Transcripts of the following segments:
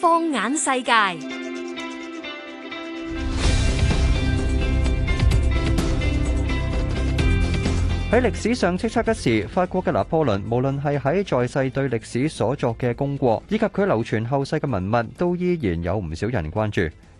放眼世界，喺歷史上叱咤嘅時，法國嘅拿破崙，無論係喺在世對歷史所作嘅功過，以及佢流傳後世嘅文物，都依然有唔少人關注。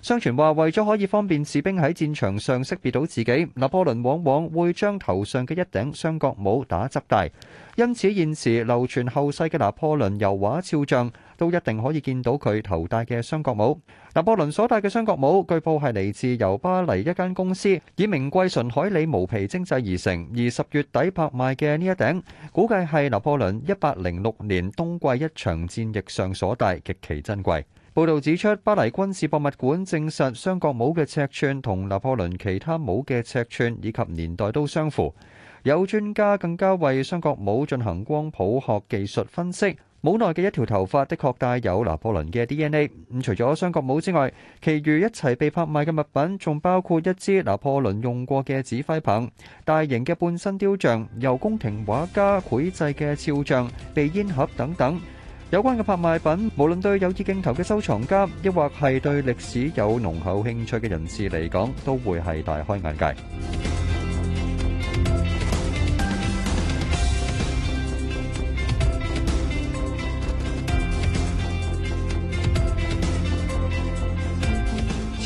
相傳話為咗可以方便士兵喺戰場上識別到自己，拿破崙往往會將頭上嘅一頂雙角帽打側戴。因此現時流傳後世嘅拿破崙油畫肖像，都一定可以見到佢頭戴嘅雙角帽。拿破崙所戴嘅雙角帽，據報係嚟自由巴黎一間公司，以名貴純海狸毛皮精製而成。而十月底拍賣嘅呢一頂，估計係拿破崙一八零六年冬季一場戰役上所戴，極其珍貴。報道指出，巴黎軍事博物館證實雙角帽嘅尺寸同拿破崙其他帽嘅尺寸以及年代都相符。有專家更加為雙角帽進行光譜學技術分析，帽內嘅一條頭髮的確帶有拿破崙嘅 DNA。咁除咗雙角帽之外，其餘一齊被拍賣嘅物品仲包括一支拿破崙用過嘅指揮棒、大型嘅半身雕像、由宮廷畫家繪製嘅肖像、鼻煙盒等等。有關嘅拍賣品，無論對有意競投嘅收藏家，亦或係對歷史有濃厚興趣嘅人士嚟講，都會係大開眼界。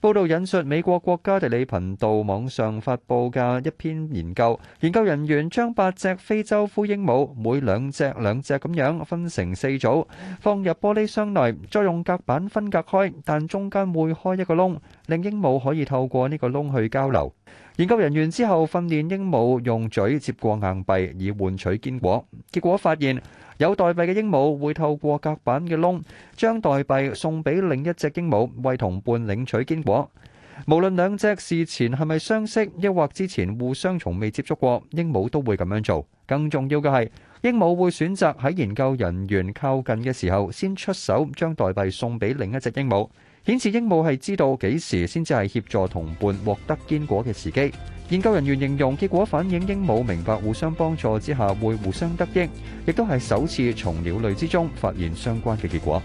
報道引述美國國家地理頻道網上發布嘅一篇研究，研究人員將八隻非洲灰鸚鵡每兩隻兩隻咁樣分成四組，放入玻璃箱內，再用隔板分隔開，但中間會開一個窿。令鸚鵡可以透過呢個窿去交流。研究人員之後訓練鸚鵡用嘴接過硬幣以換取堅果，結果發現有代幣嘅鸚鵡會透過隔板嘅窿將代幣送俾另一隻鸚鵡，為同伴領取堅果。無論兩隻事前係咪相識，抑或之前互相從未接觸過，鸚鵡都會咁樣做。更重要嘅係，鸚鵡會選擇喺研究人員靠近嘅時候先出手，將代幣送俾另一隻鸚鵡。顯示鸚鵡係知道幾時先至係協助同伴獲得堅果嘅時機。研究人員形容，結果反映，鸚鵡明白互相幫助之下會互相得益，亦都係首次從鳥類之中發現相關嘅結果。